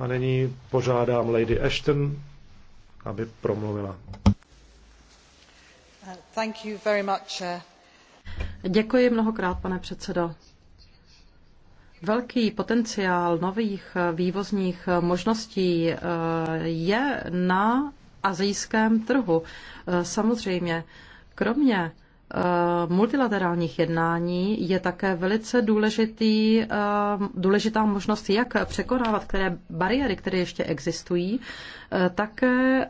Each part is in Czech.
A nyní požádám Lady Ashton, aby promluvila. Uh, thank you very much. Uh. Děkuji mnohokrát, pane předsedo. Velký potenciál nových uh, vývozních možností je na azijském trhu. Samozřejmě, kromě Eh, multilaterálních jednání je také velice důležitý, eh, důležitá možnost, jak překonávat které bariéry, které ještě existují, eh, také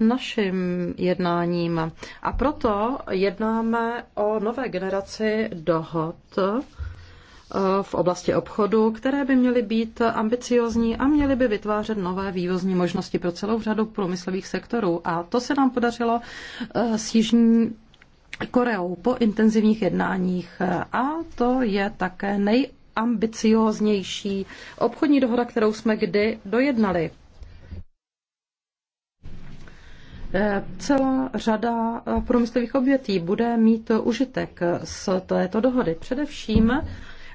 našim jednáním. A proto jednáme o nové generaci dohod v oblasti obchodu, které by měly být ambiciozní a měly by vytvářet nové vývozní možnosti pro celou řadu průmyslových sektorů. A to se nám podařilo s Jižní Koreou po intenzivních jednáních a to je také nejambicióznější obchodní dohoda, kterou jsme kdy dojednali. Celá řada průmyslových obětí bude mít užitek z této dohody. Především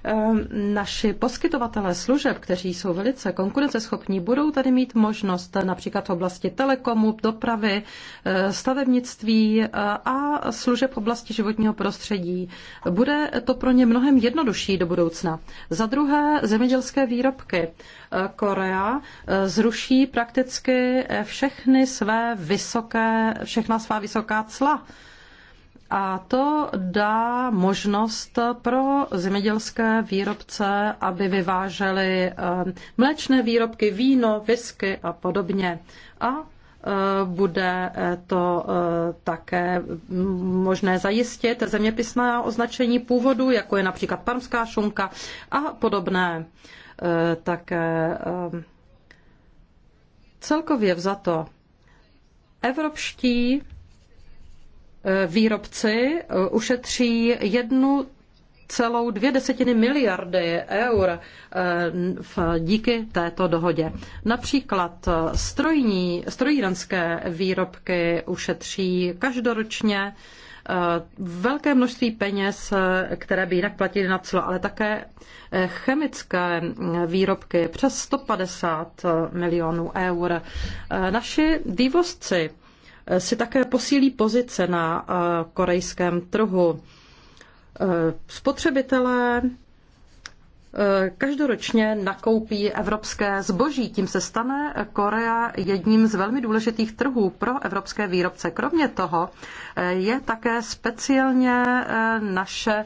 Ehm, naši poskytovatelé služeb, kteří jsou velice konkurenceschopní, budou tady mít možnost například v oblasti telekomu, dopravy, eh, stavebnictví eh, a služeb v oblasti životního prostředí. Bude to pro ně mnohem jednodušší do budoucna. Za druhé, zemědělské výrobky. Eh, Korea zruší prakticky všechny své vysoké, všechna svá vysoká cla a to dá možnost pro zemědělské výrobce, aby vyváželi eh, mléčné výrobky, víno, whisky a podobně. A eh, bude eh, to také možné zajistit zeměpisná označení původu, jako je například parmská šunka a podobné. Také celkově vzato evropští Eh, výrobci eh, ušetří jednu celou dvě desetiny miliardy eur eh, díky této dohodě. Například strojní, strojírenské výrobky ušetří každoročně velké množství peněz, které by jinak platili na clo, ale také chemické mm, výrobky přes 150 milionů eur. Naši vývozci Eh, si také posílí pozice na eh, korejském trhu. Eh, spotřebitelé každoročně nakoupí evropské zboží. Tím se stane Korea jedním z velmi důležitých trhů pro evropské výrobce. Kromě toho je také speciálně naše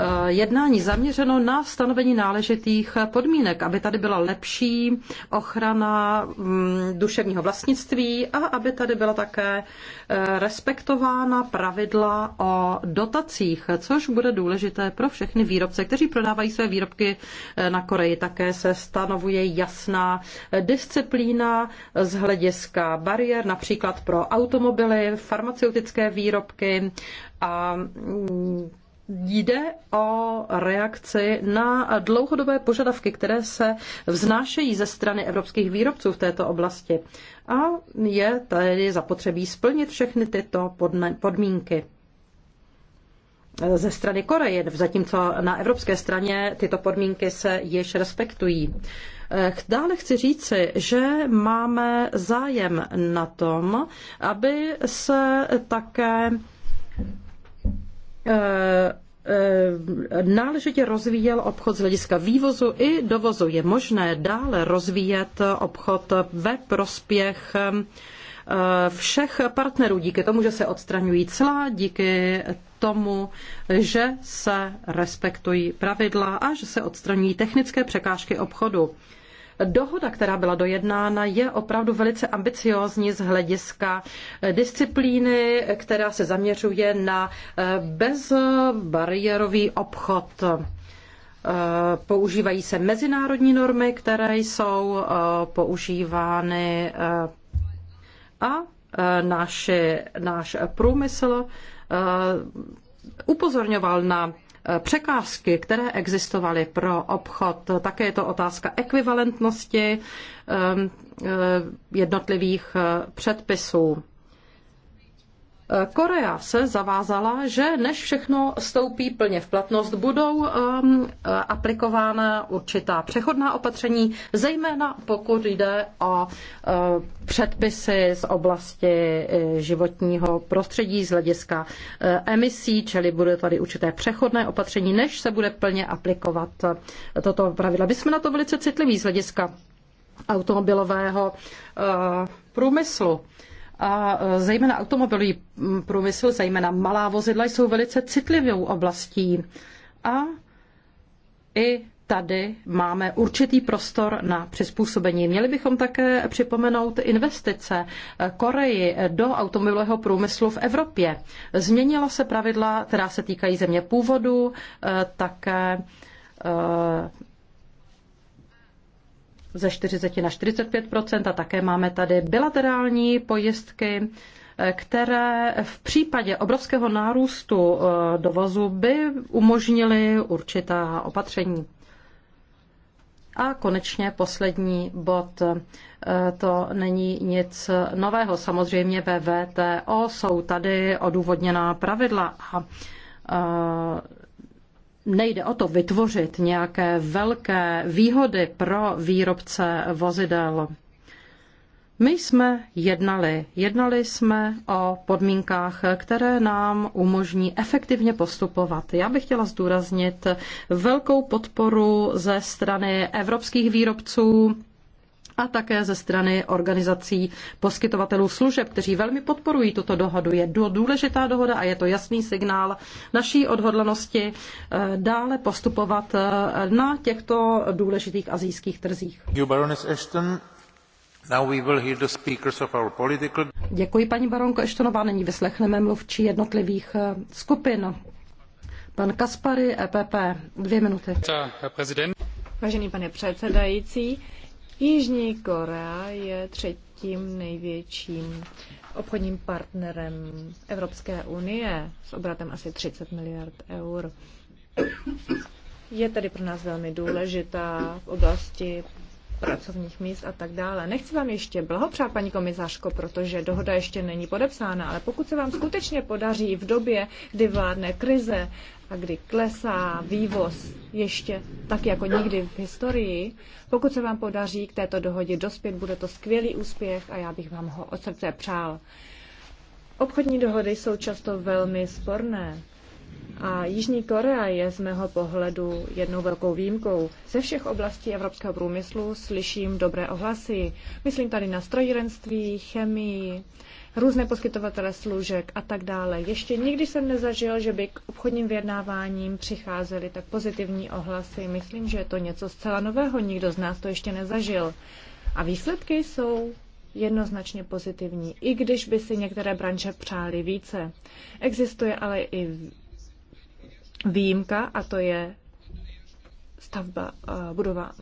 Eh, jednání zaměřeno na stanovení náležitých podmínek, aby tady byla lepší ochrana mm, duševního vlastnictví a aby tady byla také eh, respektována pravidla o dotacích, což bude důležité pro všechny výrobce, kteří prodávají své výrobky eh, na Koreji. Také se stanovuje jasná disciplína z hlediska bariér, například pro automobily, farmaceutické výrobky a mm, Jde o reakci na dlouhodobé požadavky, které se vznášejí ze strany evropských výrobců v této oblasti. A je tedy zapotřebí splnit všechny tyto podmínky ze strany Koreje, zatímco na evropské straně tyto podmínky se již respektují. Dále chci říci, že máme zájem na tom, aby se také Eh, eh, náležitě rozvíjel obchod z hlediska vývozu i dovozu. Je možné dále rozvíjet obchod ve prospěch eh, všech partnerů díky tomu, že se odstraňují celá díky tomu, že se respektují pravidla a že se odstraňují technické překážky obchodu. Dohoda, která byla dojednána, je opravdu velice ambiciózní z hlediska disciplíny, která se zaměřuje na eh, bezbariérový obchod. Eh, používají se mezinárodní normy, které jsou eh, používány a náš, náš průmysl upozorňoval na překážky, které existovaly pro obchod. Také je to otázka ekvivalentnosti eh, eh, jednotlivých eh, předpisů. Korea se zavázala, že než všechno stoupí plně v platnost, budou um, eh, aplikována určitá přechodná opatření, zejména pokud jde o uh, předpisy z oblasti eh, životního prostředí z hlediska uh, emisí, čili bude tady určité přechodné opatření, než se bude plně aplikovat toto pravidla. My jsme na to velice citliví z hlediska automobilového uh, průmyslu. Uh, a e, zejména automobilový mm, průmysl, zejména malá vozidla jsou velice citlivou oblastí. A i tady máme určitý prostor na přizpůsobení. Měli bychom také připomenout investice Koreji do automobilového průmyslu v Evropě. Změnila se pravidla, která se týkají země původu, e, také e, ze 40 na 45 a také máme tady bilaterální pojistky, eh, které v případě obrovského nárůstu eh, dovozu by umožnily určitá opatření. A konečně poslední bod. Eh, to není nic nového. Samozřejmě ve VTO jsou tady odůvodněná pravidla a Nejde o to vytvořit nějaké velké výhody pro výrobce vozidel. My jsme jednali. Jednali jsme o podmínkách, které nám umožní efektivně postupovat. Já bych chtěla zdůraznit velkou podporu ze strany evropských výrobců a také ze strany organizací poskytovatelů služeb, kteří velmi podporují tuto dohodu. Je důležitá dohoda a je to jasný signál naší odhodlanosti eh, dále postupovat eh, na těchto důležitých azijských trzích. Děkuji, paní baronko Eštonová. Nyní vyslechneme mluvčí jednotlivých eh, skupin. Pan Kaspary, EPP, dvě minuty. Vážený pane předsedající, Jižní Korea je třetím největším obchodním partnerem Evropské unie s obratem asi 30 miliard eur. Je tedy pro nás velmi důležitá v oblasti pracovních míst a tak dále. Nechci vám ještě blahopřát, paní komisařko, protože dohoda ještě není podepsána, ale pokud se vám skutečně podaří v době, kdy vládne krize a kdy klesá vývoz ještě tak jako nikdy v historii, pokud se vám podaří k této dohodě dospět, bude to skvělý úspěch a já bych vám ho od srdce přál. Obchodní dohody jsou často velmi sporné. A Jižní Korea je z mého pohledu jednou velkou výjimkou. Ze všech oblastí evropského průmyslu slyším dobré ohlasy. Myslím tady na strojírenství, chemii, různé poskytovatele služek a tak dále. Ještě nikdy jsem nezažil, že by k obchodním vyjednáváním přicházely tak pozitivní ohlasy. Myslím, že je to něco zcela nového, nikdo z nás to ještě nezažil. A výsledky jsou jednoznačně pozitivní, i když by si některé branže přáli více. Existuje ale i výjimka a to je stavba, eh, budova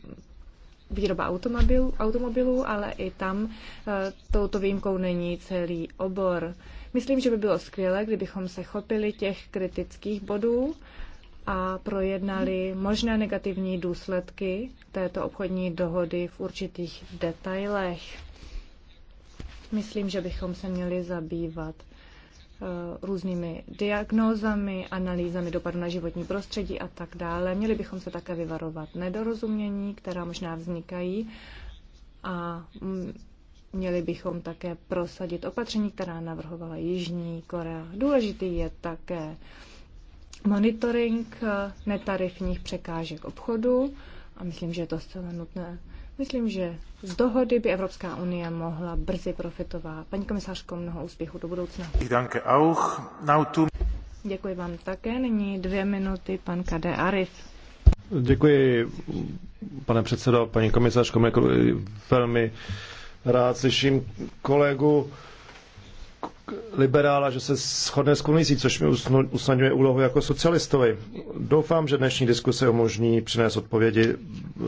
výroba automobilů, automobilů, ale i tam eh, touto výjimkou není celý obor. Myslím, že by bylo skvělé, kdybychom se chopili těch kritických bodů a projednali možné negativní důsledky této obchodní dohody v určitých detailech. Myslím, že bychom se měli zabývat Eh, různými diagnózami, analýzami dopadu na životní prostředí a tak dále. Měli bychom se také vyvarovat nedorozumění, která možná vznikají a mm, měli bychom také prosadit opatření, která navrhovala Jižní Korea. Důležitý je také monitoring netarifních překážek obchodu a myslím, že je to zcela nutné Myslím, že z dohody by Evropská unie mohla brzy profitovat. Paní komisářko, mnoho úspěchu do budoucna. Danke auch. Děkuji vám také. Nyní dvě minuty pan Kade Arif. Děkuji, pane předsedo, paní komisařko, velmi rád slyším kolegu liberála, že se shodne s komisí, což mi usnadňuje úlohu jako socialistovi. Doufám, že dnešní diskuse umožní přinést odpovědi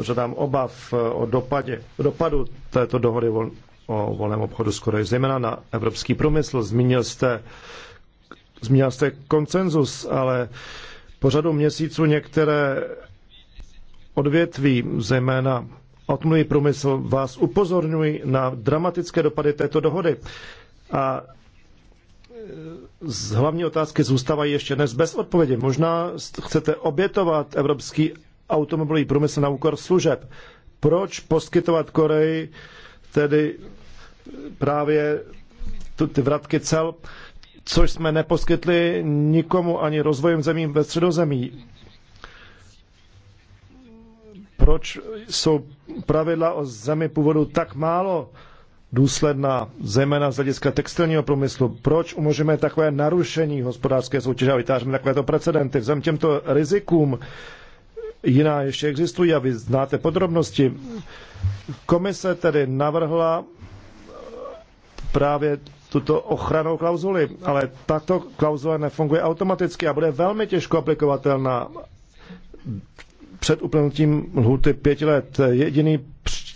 řadám obav eh, o dopadě, dopadu této dohody vol, o volném obchodu s Koreou, zejména na evropský průmysl. Zmínil jste, zmínil jste koncenzus, ale po řadu měsíců některé odvětví, zejména automobilový průmysl, vás upozorňují na dramatické dopady této dohody. A z hlavní otázky zůstávají ještě dnes bez odpovědi. Možná chcete obětovat evropský automobilový průmysl na úkor služeb. Proč poskytovat Koreji tedy právě ty vratky cel, což jsme neposkytli nikomu ani rozvojem zemím ve středozemí? Proč jsou pravidla o zemi původu tak málo důsledná, zejména z hlediska textilního průmyslu. Proč umožňujeme takové narušení hospodářské soutěže a vytváříme takovéto precedenty? Vzem těmto rizikům jiná ještě existují a vy znáte podrobnosti. Komise tedy navrhla právě tuto ochranou klauzuli, ale tato klauzule nefunguje automaticky a bude velmi těžko aplikovatelná před uplynutím lhuty pěti let. Jediný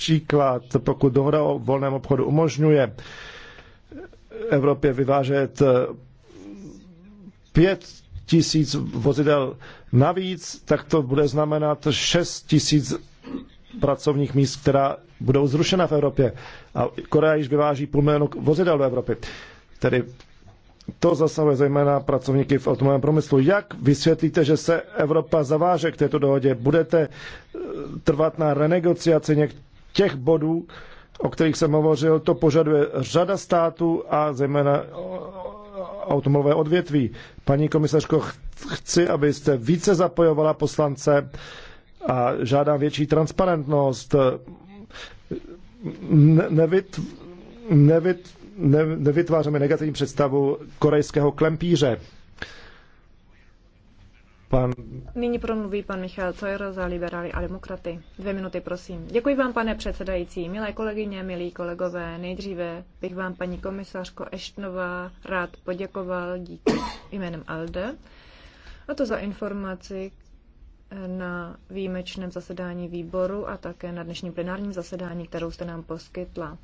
Příklad, pokud dohoda o volném obchodu umožňuje Evropě vyvážet pět tisíc vozidel navíc, tak to bude znamenat šest tisíc pracovních míst, která budou zrušena v Evropě. A Korea již vyváží půl milionu vozidel do Evropy. Tedy to zasahuje zejména pracovníky v automobilovém průmyslu. Jak vysvětlíte, že se Evropa zaváže k této dohodě? Budete trvat na renegociaci něk- těch bodů, o kterých jsem hovořil, to požaduje řada států a zejména automobilové odvětví. Paní komisařko, chci, abyste více zapojovala poslance a žádám větší transparentnost. Ne, nevyt, nevyt, nevytváříme negativní představu korejského klempíře. Pan... Nyní promluví pan Michal Cojer za liberály a demokraty. Dvě minuty, prosím. Děkuji vám, pane předsedající, milé kolegyně, milí kolegové. Nejdříve bych vám, paní komisařko Eštnová, rád poděkoval díky jménem ALDE, a to za informaci na výjimečném zasedání výboru a také na dnešním plenárním zasedání, kterou jste nám poskytla.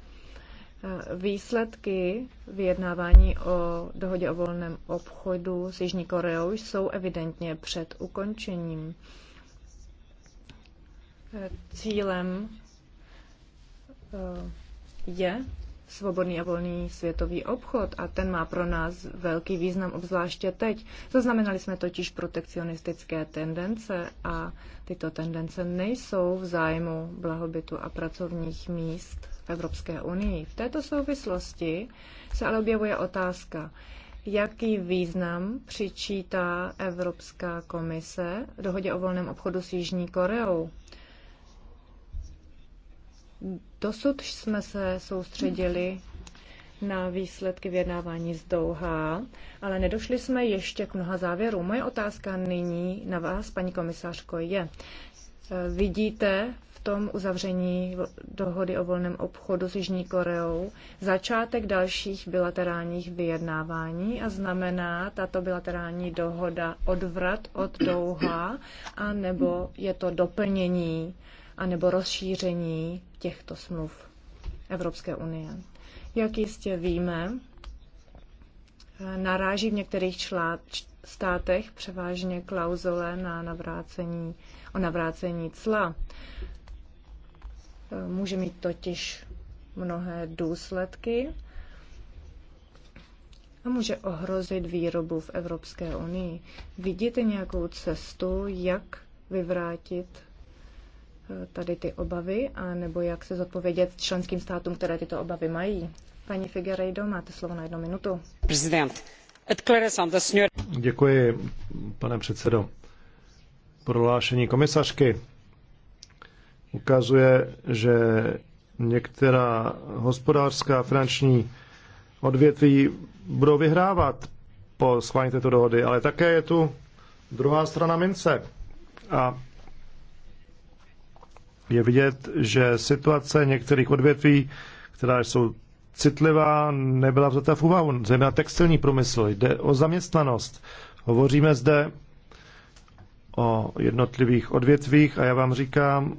Eh, výsledky vyjednávání o dohodě o volném obchodu s Jižní Koreou jsou evidentně před ukončením. Eh, cílem eh, je svobodný a volný světový obchod a ten má pro nás velký význam, obzvláště teď. Zaznamenali jsme totiž protekcionistické tendence a tyto tendence nejsou v zájmu blahobytu a pracovních míst v Evropské unii. V této souvislosti se ale objevuje otázka, jaký význam přičítá Evropská komise dohodě o volném obchodu s Jižní Koreou. Dosud jsme se soustředili na výsledky vyjednávání z Douha, ale nedošli jsme ještě k mnoha závěrům. Moje otázka nyní na vás, paní komisářko, je. Vidíte tom uzavření dohody o volném obchodu s Jižní Koreou začátek dalších bilaterálních vyjednávání a znamená tato bilaterální dohoda odvrat od Douha a nebo je to doplnění a nebo rozšíření těchto smluv Evropské unie. Jak jistě víme, naráží v některých člá, státech převážně klauzole na navrácení, o navrácení cla může mít totiž mnohé důsledky a může ohrozit výrobu v Evropské unii. Vidíte nějakou cestu, jak vyvrátit eh, tady ty obavy, a nebo jak se zodpovědět členským státům, které tyto obavy mají? Paní Figueiredo, máte slovo na jednu minutu. Prezident. Děkuji, pane předsedo. Prohlášení komisařky ukazuje, že některá hospodářská a finanční odvětví budou vyhrávat po schválení této dohody, ale také je tu druhá strana mince. A je vidět, že situace některých odvětví, která jsou citlivá, nebyla vzata v úvahu, zejména textilní průmysl. Jde o zaměstnanost. Hovoříme zde o jednotlivých odvětvích a já vám říkám,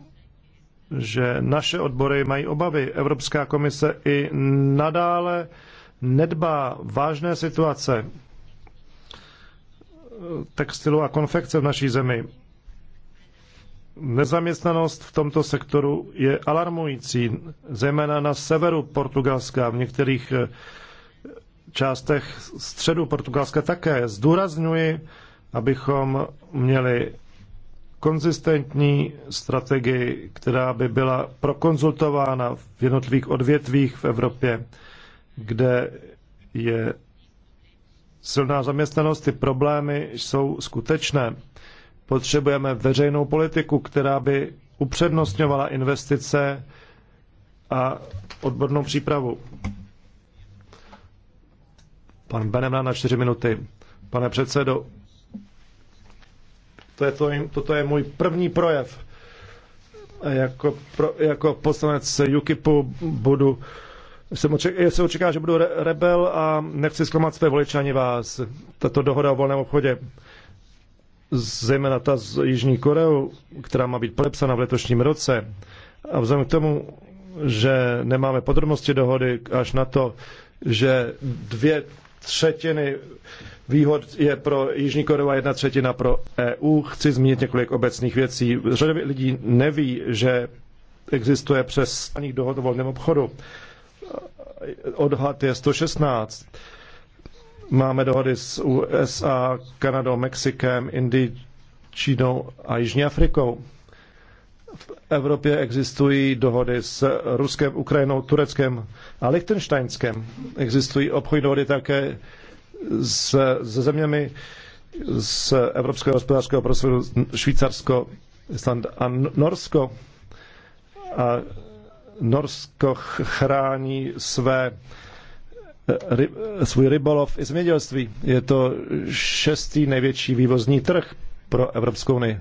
že naše odbory mají obavy. Evropská komise i nadále nedbá vážné situace textilu a konfekce v naší zemi. Nezaměstnanost v tomto sektoru je alarmující, zejména na severu Portugalska, v některých eh, částech středu Portugalska také. Zdůrazňuji, abychom měli konzistentní strategii, která by byla prokonzultována v jednotlivých odvětvích v Evropě, kde je silná zaměstnanost, ty problémy jsou skutečné. Potřebujeme veřejnou politiku, která by upřednostňovala investice a odbornou přípravu. Pan Benemna na čtyři minuty. Pane předsedo, to je to, toto je můj první projev. A jako, pro, jako poslanec UKIPu budu, jsem oček, se očeká, že budu re, rebel a nechci zklamat své voliče ani vás. Tato dohoda o volném obchodě, zejména ta z Jižní Koreou, která má být podepsána v letošním roce, a vzhledem k tomu, že nemáme podrobnosti dohody až na to, že dvě třetiny výhod je pro Jižní Koreu a jedna třetina pro EU. Chci zmínit několik obecných věcí. Řada lidí neví, že existuje přes dohod o volném obchodu. Odhad je 116. Máme dohody s USA, Kanadou, Mexikem, Indií, Čínou a Jižní Afrikou. V Evropě existují dohody s Ruskem, Ukrajinou, Tureckem a Lichtensteinskem. Existují obchodní dohody také s, se zeměmi z Evropského hospodářského prostoru Švýcarsko a Norsko. A Norsko chrání své eh, ry, svůj rybolov i zemědělství. Je to šestý největší vývozní trh pro Evropskou unii.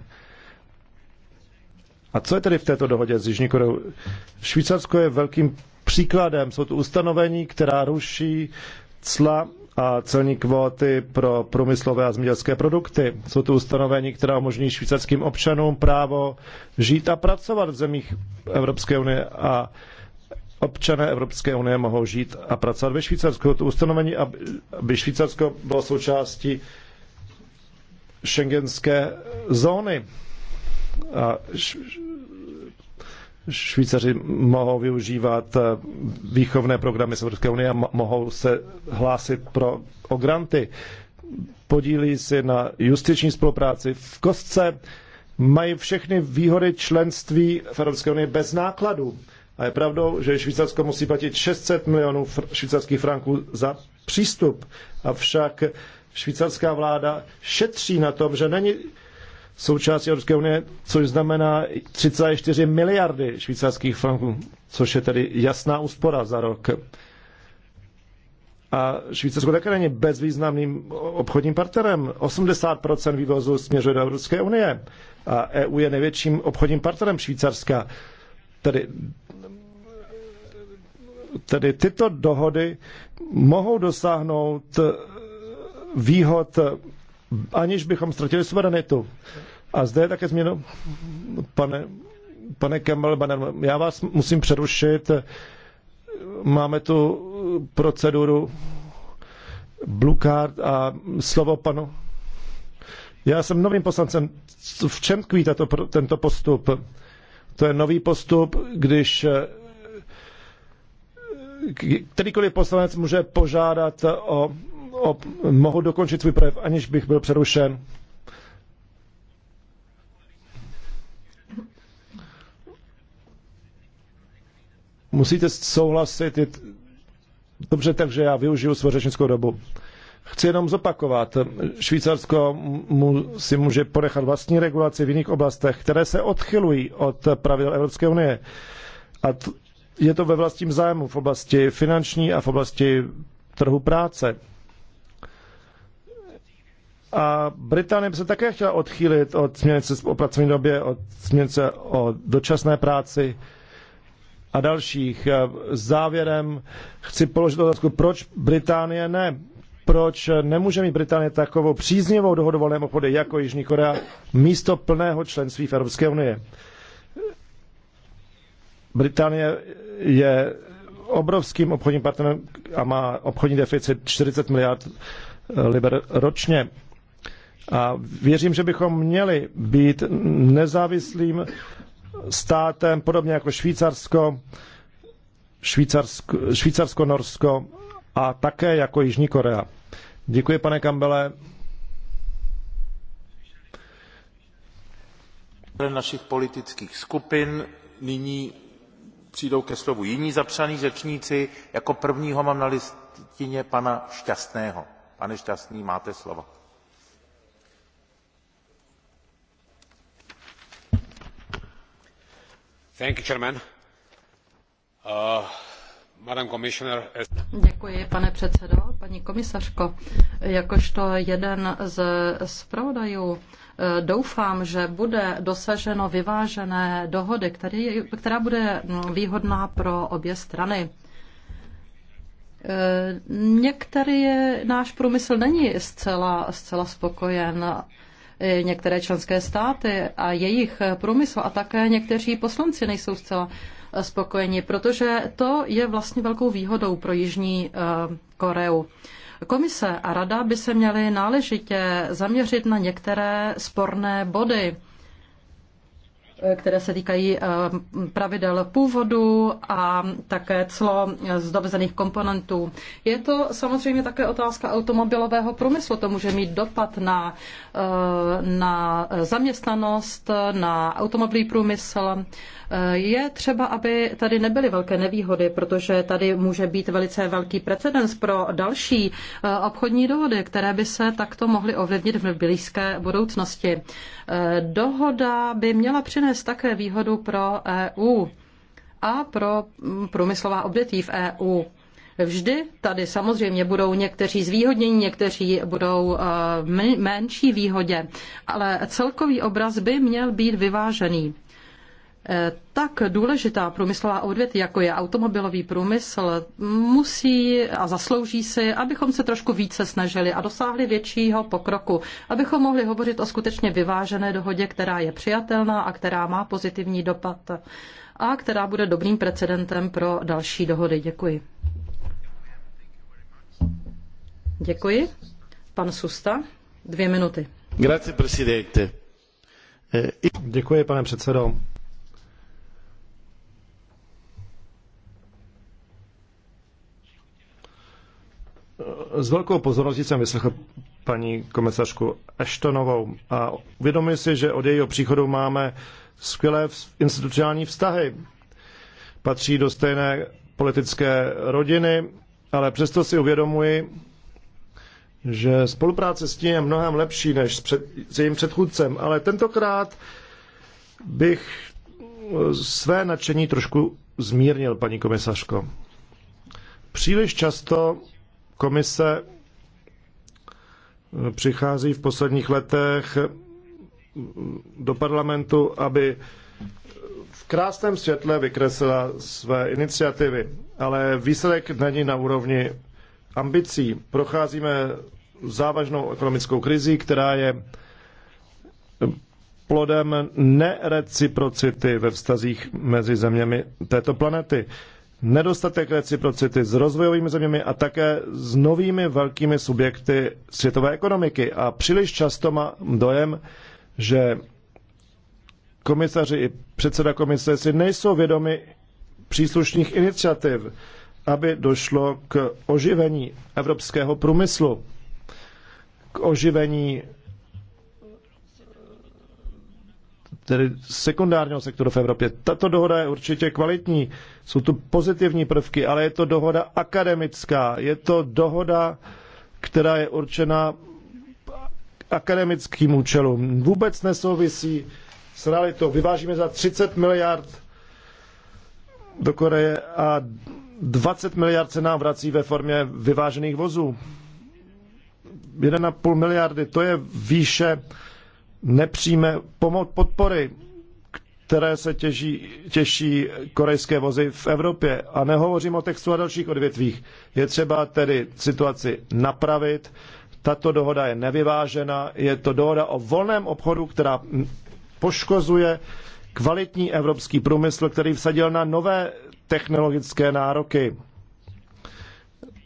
A co je tedy v této dohodě s Jižní Koreou? Švýcarsko je velkým příkladem. Jsou tu ustanovení, která ruší cla a celní kvóty pro průmyslové a zemědělské produkty. Jsou tu ustanovení, která umožní švýcarským občanům právo žít a pracovat v zemích Evropské unie a občané Evropské unie mohou žít a pracovat ve Švýcarsku. To ustanovení, aby Švýcarsko bylo součástí šengenské zóny. A Švýcaři mohou využívat eh, výchovné programy z Evropské unie a mohou se hlásit pro o granty. Podílí si na justiční spolupráci v kostce, mají všechny výhody členství v Evropské unii bez nákladů. A je pravdou, že Švýcarsko musí platit 600 milionů fr- švýcarských franků za přístup. Avšak švýcarská vláda šetří na tom, že není součástí Evropské unie, což znamená 3,4 miliardy švýcarských franků, což je tedy jasná úspora za rok. A Švýcarsko také není bezvýznamným obchodním partnerem. 80% vývozu směřuje do Evropské unie a EU je největším obchodním partnerem Švýcarska. Tedy, tedy tyto dohody mohou dosáhnout výhod aniž bychom ztratili suverenitu. A zde je také změna, pane, pane Campbell, já vás musím přerušit. Máme tu proceduru Blue Card a slovo panu. Já jsem novým poslancem. V čem tkví tato, tento postup? To je nový postup, když eh, kterýkoliv poslanec může požádat o ob, mohu dokončit svůj projev, aniž bych byl přerušen. Musíte souhlasit. Dobře, takže já využiju svou řečnickou dobu. Chci jenom zopakovat, Švýcarsko mu, si může ponechat vlastní regulaci v jiných oblastech, které se odchylují od pravidel Evropské unie. A je to ve vlastním zájmu v oblasti finanční a v oblasti trhu práce. A Británie by se také chtěla odchýlit od směrnice o pracovní době, od směrnice o dočasné práci a dalších. Závěrem chci položit otázku, proč Británie ne? Proč nemůže mít Británie takovou příznivou dohodu volném jako Jižní Korea místo plného členství v Evropské unie? Británie je obrovským obchodním partnerem a má obchodní deficit 40 miliard liber ročně. A věřím, že bychom měli být nezávislým státem, podobně jako Švýcarsko, Švýcarsko, Švýcarsko Norsko a také jako Jižní Korea. Děkuji, pane Kambele. našich politických skupin. Nyní přijdou ke slovu jiní zapsaní řečníci. Jako prvního mám na listině pana Šťastného. Pane Šťastný, máte slovo Uh, Děkuji, pane předsedající. Paní komisařko, jakožto jeden z zpravodajů eh, doufám, že bude dosaženo vyvážené dohody, která bude mm, výhodná pro obě strany. Eh, některý náš průmysl není zcela, zcela spokojen E, některé členské státy a jejich průmysl a také někteří poslanci nejsou zcela e, spokojeni, protože to je vlastně velkou výhodou pro Jižní e, Koreu. Komise a rada by se měly náležitě zaměřit na některé sporné body které se týkají eh, pravidel původu a také clo z dovezených komponentů. Je to samozřejmě také otázka automobilového průmyslu. To může mít dopad na, eh, na zaměstnanost, na automobilový průmysl. Eh, je třeba, aby tady nebyly velké nevýhody, protože tady může být velice velký precedens pro další obchodní dohody, které by se takto mohly ovlivnit v blízké budoucnosti. Dohoda by měla přinést přinést také výhodu pro EU a pro mm, průmyslová odvětví v EU. Vždy tady samozřejmě budou někteří zvýhodnění, někteří budou eh, menší výhodě, ale celkový obraz by měl být vyvážený tak důležitá průmyslová odvětví, jako je automobilový průmysl, musí a zaslouží si, abychom se trošku více snažili a dosáhli většího pokroku, abychom mohli hovořit o skutečně vyvážené dohodě, která je přijatelná a která má pozitivní dopad a která bude dobrým precedentem pro další dohody. Děkuji. Děkuji. Pan Susta, dvě minuty. Grazie, presidente. Eh, Děkuji, pane předsedo. S velkou pozorností jsem vyslechl paní komisařku Eštonovou a uvědomuji si, že od jejího příchodu máme skvělé institucionální vztahy. Patří do stejné politické rodiny, ale přesto si uvědomuji, že spolupráce s tím je mnohem lepší než s, před, s jejím předchůdcem, ale tentokrát bych eh, své nadšení trošku zmírnil, paní komisařko. Příliš často Komise eh, přichází v posledních letech eh, do parlamentu, aby v krásném světle vykreslila své iniciativy, ale výsledek není na úrovni ambicí. Procházíme závažnou ekonomickou krizi, která je eh, plodem nereciprocity ve vztazích mezi zeměmi této planety nedostatek reciprocity s rozvojovými zeměmi a také s novými velkými subjekty světové ekonomiky. A příliš často má dojem, že komisaři i předseda komise si nejsou vědomi příslušných iniciativ, aby došlo k oživení evropského průmyslu, k oživení tedy sekundárního sektoru v Evropě. Tato dohoda je určitě kvalitní, jsou tu pozitivní prvky, ale je to dohoda akademická, je to dohoda, která je určena akademickým účelům. Vůbec nesouvisí s realitou. Vyvážíme za 30 miliard do Koreje a 20 miliard se nám vrací ve formě vyvážených vozů. 1,5 miliardy, to je výše nepřímé pomoc podpory, které se těží, těší korejské vozy v Evropě. A nehovořím o textu a dalších odvětvích. Je třeba tedy situaci napravit. Tato dohoda je nevyvážena. Je to dohoda o volném obchodu, která poškozuje kvalitní evropský průmysl, který vsadil na nové technologické nároky.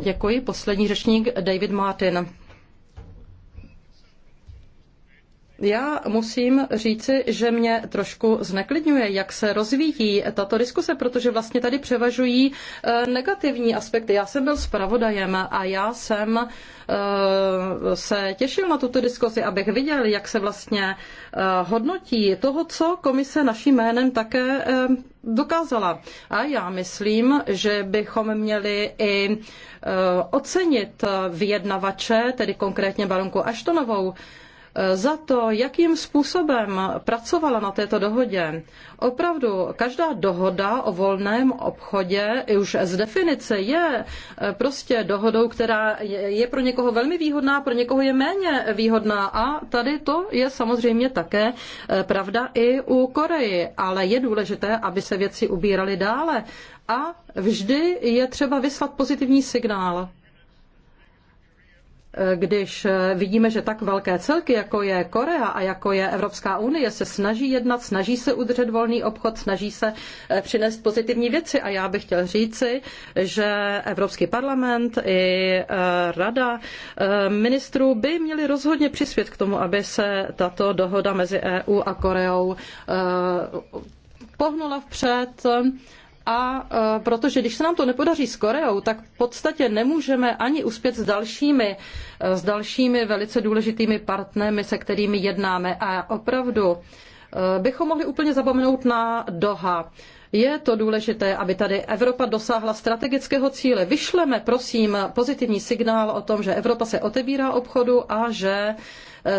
Děkuji. Poslední řečník David Martin. Já musím říci, že mě trošku zneklidňuje, jak se rozvíjí tato diskuse, protože vlastně tady převažují eh, negativní aspekty. Já jsem byl zpravodajem a já jsem eh, se těšil na tuto diskusi, abych viděl, jak se vlastně eh, hodnotí toho, co komise naším jménem také dokázala. A já myslím, že bychom měli i e, ocenit e, vyjednavače, tedy konkrétně baronku Aštonovou, Eh, za to, jakým způsobem pracovala na této dohodě. Opravdu, každá dohoda o volném obchodě už z definice je eh, prostě dohodou, která je pro někoho velmi výhodná, pro někoho je méně výhodná. A tady to je samozřejmě také eh, pravda i u Koreji, ale je důležité, aby se věci ubíraly dále. A vždy je třeba vyslat pozitivní signál když vidíme, že tak velké celky, jako je Korea a jako je Evropská unie, se snaží jednat, snaží se udržet volný obchod, snaží se eh, přinést pozitivní věci. A já bych chtěl říci, že Evropský parlament i eh, rada eh, ministrů by měli rozhodně přispět k tomu, aby se tato dohoda mezi EU a Koreou pohnula vpřed a e, protože když se nám to nepodaří s Koreou, tak v podstatě nemůžeme ani uspět s dalšími, e, s dalšími velice důležitými partnery, se kterými jednáme. A opravdu e, bychom mohli úplně zapomenout na Doha. Je to důležité, aby tady Evropa dosáhla strategického cíle. Vyšleme, prosím, pozitivní signál o tom, že Evropa se otevírá obchodu a že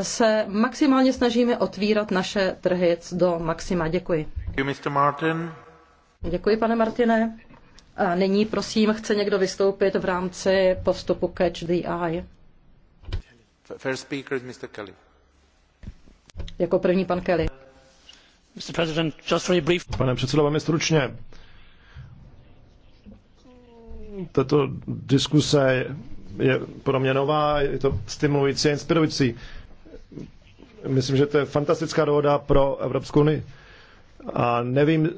se maximálně snažíme otvírat naše trhy do maxima. Děkuji. Mr. Martin. Děkuji, pane Martine. A nyní, prosím, chce někdo vystoupit v rámci postupu Catch the Eye? First speaker is Mr. Kelly. Jako první pan Kelly. Mr. President, just very brief. Pane předsedo, velmi stručně. Tato diskuse je pro mě nová, je to stimulující a inspirující. Myslím, že to je fantastická dohoda pro Evropskou unii. A nevím,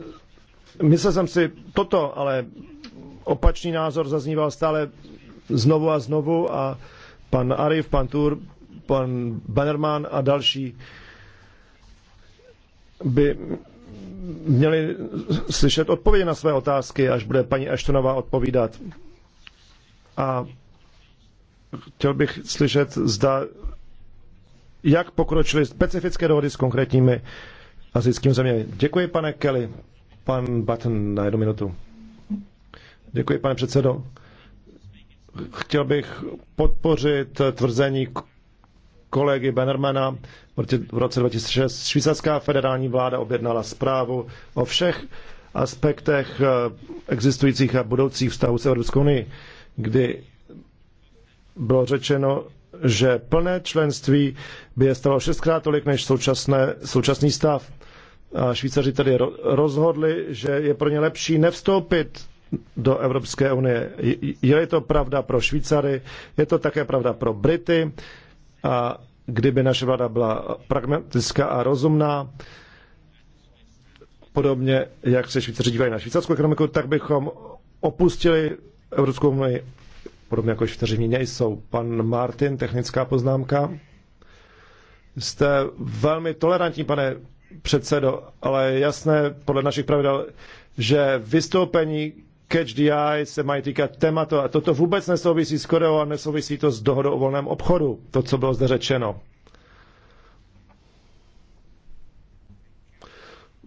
Myslel jsem si toto, ale opačný názor zazníval stále znovu a znovu a pan Arif, pan Tur, pan Bannerman a další by měli slyšet odpovědi na své otázky, až bude paní Ashtonová odpovídat. A chtěl bych slyšet, zda jak pokročily specifické dohody s konkrétními azijskými zeměmi. Děkuji, pane Kelly. Pan Button na jednu minutu. Děkuji, pane předsedo. Chtěl bych podpořit tvrzení kolegy Bannermana. V roce 2006 švýcarská federální vláda objednala zprávu o všech aspektech eh, existujících a budoucích vztahů s Evropskou unii, kdy bylo řečeno, že plné členství by je stalo šestkrát tolik než současné, současný stav. Švýcaři tedy rozhodli, že je pro ně lepší nevstoupit do Evropské unie. Je to pravda pro Švýcary, je to také pravda pro Brity. A kdyby naše vláda byla pragmatická a rozumná, podobně jak se Švýcaři dívají na švýcarskou ekonomiku, tak bychom opustili Evropskou unii, podobně jako Švýcaři v ní nejsou. Pan Martin, technická poznámka. Jste velmi tolerantní, pane předsedo, ale je jasné podle našich pravidel, že vystoupení Catch the Eye se mají týkat tématu a toto vůbec nesouvisí s Koreou a nesouvisí to s dohodou o volném obchodu, to, co bylo zde řečeno.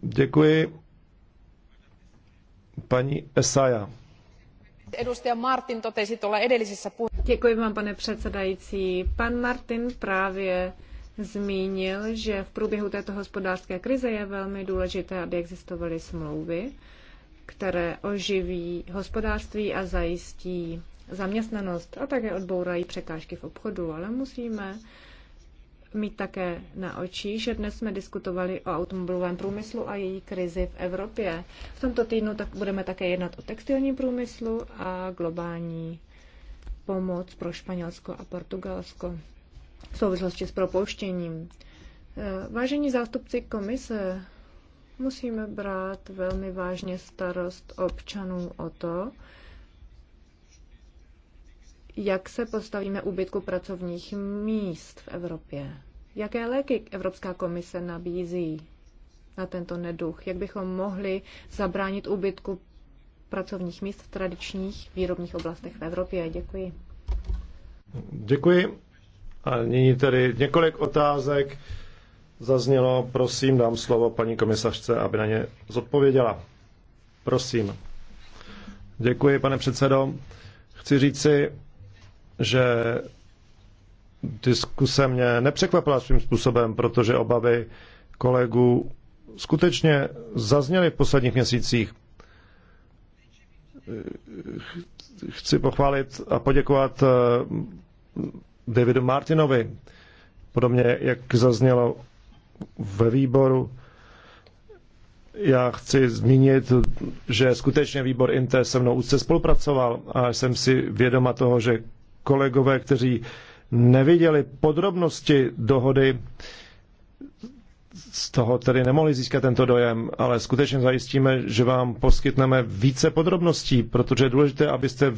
Děkuji. Paní Esaja. Edustaja Martin totesi tuolla edellisessä Děkuji vám, pane předsedající. Pan Martin právě zmínil, že v průběhu této hospodářské krize je velmi důležité, aby existovaly smlouvy, které oživí hospodářství a zajistí zaměstnanost a také odbourají překážky v obchodu, ale musíme mít také na oči, že dnes jsme diskutovali o automobilovém průmyslu a její krizi v Evropě. V tomto týdnu tak budeme také jednat o textilním průmyslu a globální pomoc pro Španělsko a Portugalsko v souvislosti s propouštěním. Eh, vážení zástupci komise, musíme brát velmi vážně starost občanů o to, jak se postavíme úbytku pracovních míst v Evropě. Jaké léky Evropská komise nabízí na tento neduch? Jak bychom mohli zabránit úbytku pracovních míst v tradičních výrobních oblastech v Evropě? Děkuji. Děkuji. A nyní tedy několik otázek zaznělo. Prosím, dám slovo paní komisařce, aby na ně zodpověděla. Prosím. Děkuji, pane předsedo. Chci říci, že diskuse mě nepřekvapila svým způsobem, protože obavy kolegů skutečně zazněly v posledních měsících. Chci pochválit a poděkovat Davidu Martinovi. Podobně, jak zaznělo ve výboru, já chci zmínit, že skutečně výbor Inter se mnou úzce spolupracoval a jsem si vědoma toho, že kolegové, kteří neviděli podrobnosti dohody, z toho tedy nemohli získat tento dojem, ale skutečně zajistíme, že vám poskytneme více podrobností, protože je důležité, abyste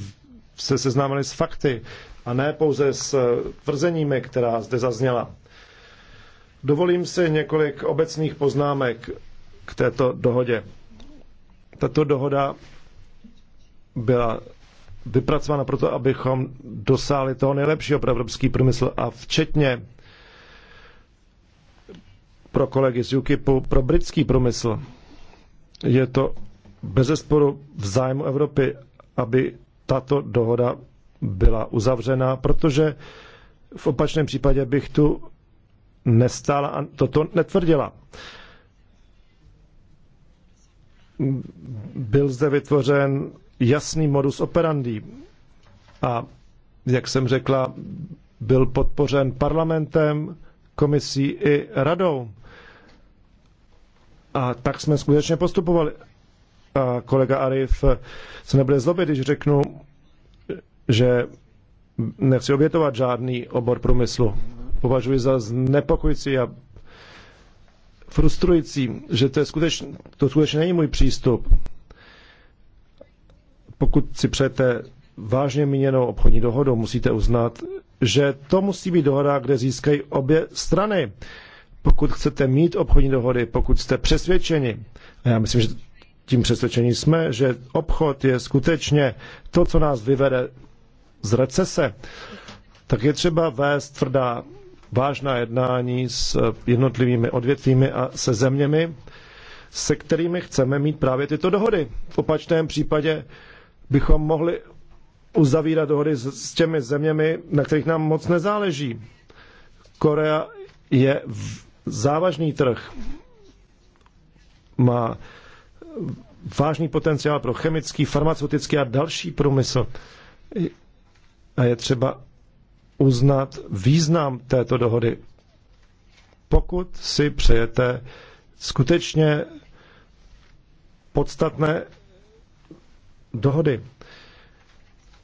se seznámili s fakty, a ne pouze s tvrzeními, která zde zazněla. Dovolím si několik obecných poznámek k této dohodě. Tato dohoda byla vypracována proto, abychom dosáhli toho nejlepšího pro evropský průmysl a včetně pro kolegy z UKIPu, pro britský průmysl. Je to bezesporu v zájmu Evropy, aby tato dohoda byla uzavřena, protože v opačném případě bych tu nestála a toto netvrdila. Byl zde vytvořen jasný modus operandi a, jak jsem řekla, byl podpořen parlamentem, komisí i radou. A tak jsme skutečně postupovali. A kolega Arif se nebude zlobit, když řeknu, že nechci obětovat žádný obor průmyslu. Považuji za znepokojící a frustrující, že to, je skutečně, to skutečně není můj přístup. Pokud si přejete vážně míněnou obchodní dohodu, musíte uznat, že to musí být dohoda, kde získají obě strany. Pokud chcete mít obchodní dohody, pokud jste přesvědčeni, a já myslím, že tím přesvědčení jsme, že obchod je skutečně to, co nás vyvede z recese, tak je třeba vést tvrdá vážná jednání s eh, jednotlivými odvětvími a se zeměmi, se kterými chceme mít právě tyto dohody. V opačném případě bychom mohli uzavírat dohody s těmi zeměmi, na kterých nám moc nezáleží. Korea je závažný trh. Má vážný potenciál pro chemický, farmaceutický a další průmysl a je třeba uznat význam této dohody. Pokud si přejete skutečně podstatné dohody.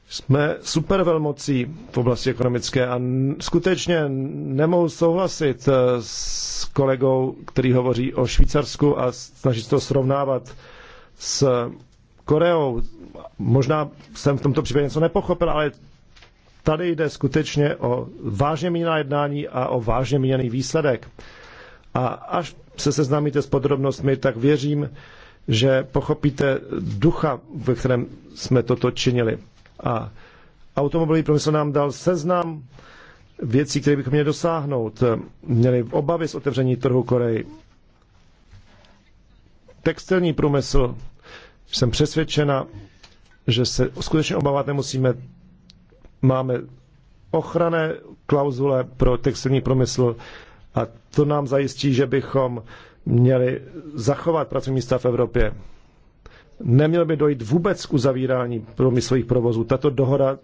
Jsme supervelmocí v oblasti ekonomické a skutečně nemohu souhlasit eh, s kolegou, který hovoří o Švýcarsku a snaží se to srovnávat s Koreou. Možná jsem v tomto případě něco nepochopil, ale Tady jde skutečně o vážně míněná jednání a o vážně míněný výsledek. A až se seznámíte s podrobnostmi, tak věřím, že pochopíte ducha, ve kterém jsme toto činili. A automobilový průmysl nám dal seznam věcí, které bychom měli dosáhnout. Měli obavy z otevření trhu Koreji. Textilní průmysl, jsem přesvědčena, že se skutečně obávat nemusíme máme ochranné klauzule pro textilní průmysl a to nám zajistí, že bychom měli zachovat pracovní místa v Evropě. Nemělo by dojít vůbec k uzavírání průmyslových provozů. Tato dohoda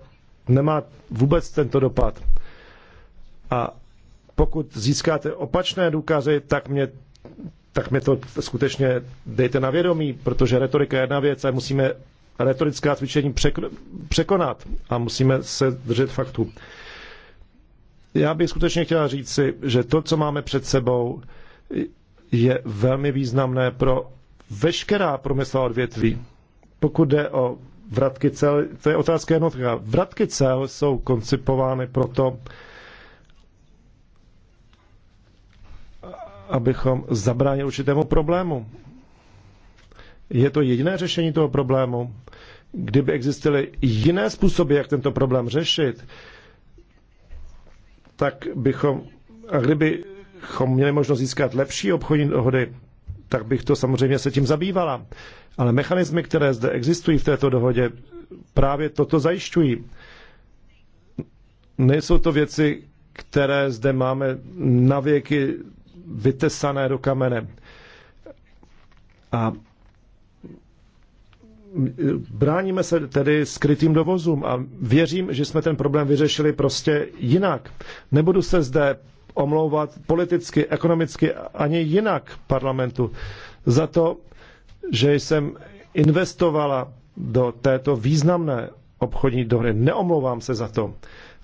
nemá vůbec tento dopad. A pokud získáte opačné důkazy, tak mě, tak mě to skutečně dejte na vědomí, protože retorika je jedna věc a musíme retorická cvičení překonat a musíme se držet faktu. Já bych skutečně chtěla říci, že to, co máme před sebou, je velmi významné pro veškerá průmyslová odvětví. Pokud jde o vratky cel, to je otázka jednotka. Vratky cel jsou koncipovány proto, abychom zabránili určitému problému. Je to jediné řešení toho problému? Kdyby existily jiné způsoby, jak tento problém řešit, tak bychom, a kdybychom měli možnost získat lepší obchodní dohody, tak bych to samozřejmě se tím zabývala. Ale mechanismy, které zde existují v této dohodě, právě toto zajišťují. Nejsou to věci, které zde máme navěky vytesané do kamene. A bráníme se tedy skrytým dovozům a věřím, že jsme ten problém vyřešili prostě jinak. Nebudu se zde omlouvat politicky, ekonomicky ani jinak parlamentu za to, že jsem investovala do této významné obchodní dohody. Neomlouvám se za to.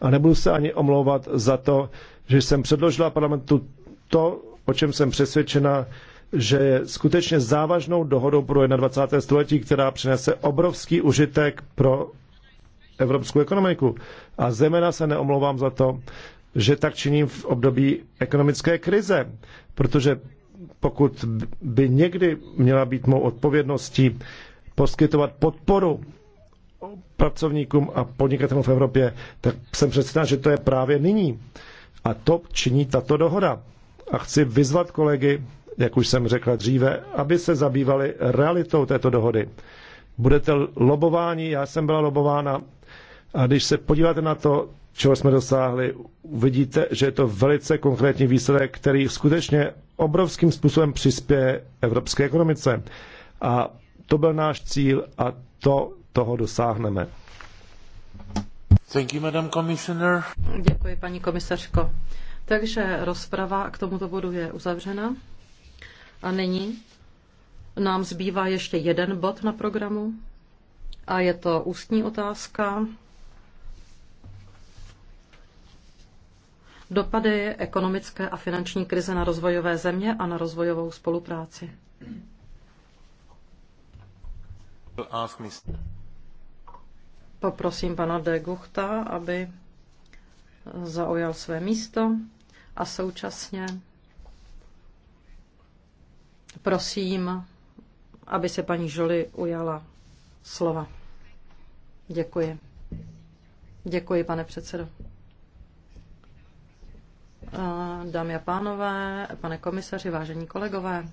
A nebudu se ani omlouvat za to, že jsem předložila parlamentu to, o čem jsem přesvědčena, že je skutečně závažnou dohodou pro 21. století, která přinese obrovský užitek pro evropskou ekonomiku. A zejména se neomlouvám za to, že tak činím v období ekonomické krize, protože pokud by někdy měla být mou odpovědností poskytovat podporu pracovníkům a podnikatelům v Evropě, tak jsem přesvědčen, že to je právě nyní. A to činí tato dohoda. A chci vyzvat kolegy, jak už jsem řekla dříve, aby se zabývali realitou této dohody. Budete lobování. já jsem byla lobována a když se podíváte na to, čeho jsme dosáhli, uvidíte, že je to velice konkrétní výsledek, který skutečně obrovským způsobem přispěje evropské ekonomice. A to byl náš cíl a to toho dosáhneme. Thank you, Madam Commissioner. Děkuji, paní komisařko. Takže rozprava k tomuto bodu je uzavřena. A nyní nám zbývá ještě jeden bod na programu a je to ústní otázka. Dopady ekonomické a finanční krize na rozvojové země a na rozvojovou spolupráci. Poprosím pana de Guchta, aby zaujal své místo a současně Prosím, aby se paní Žoli ujala slova. Děkuji. Děkuji, pane předsedo. Dámy a pánové, pane komisaři, vážení kolegové,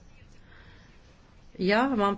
já mám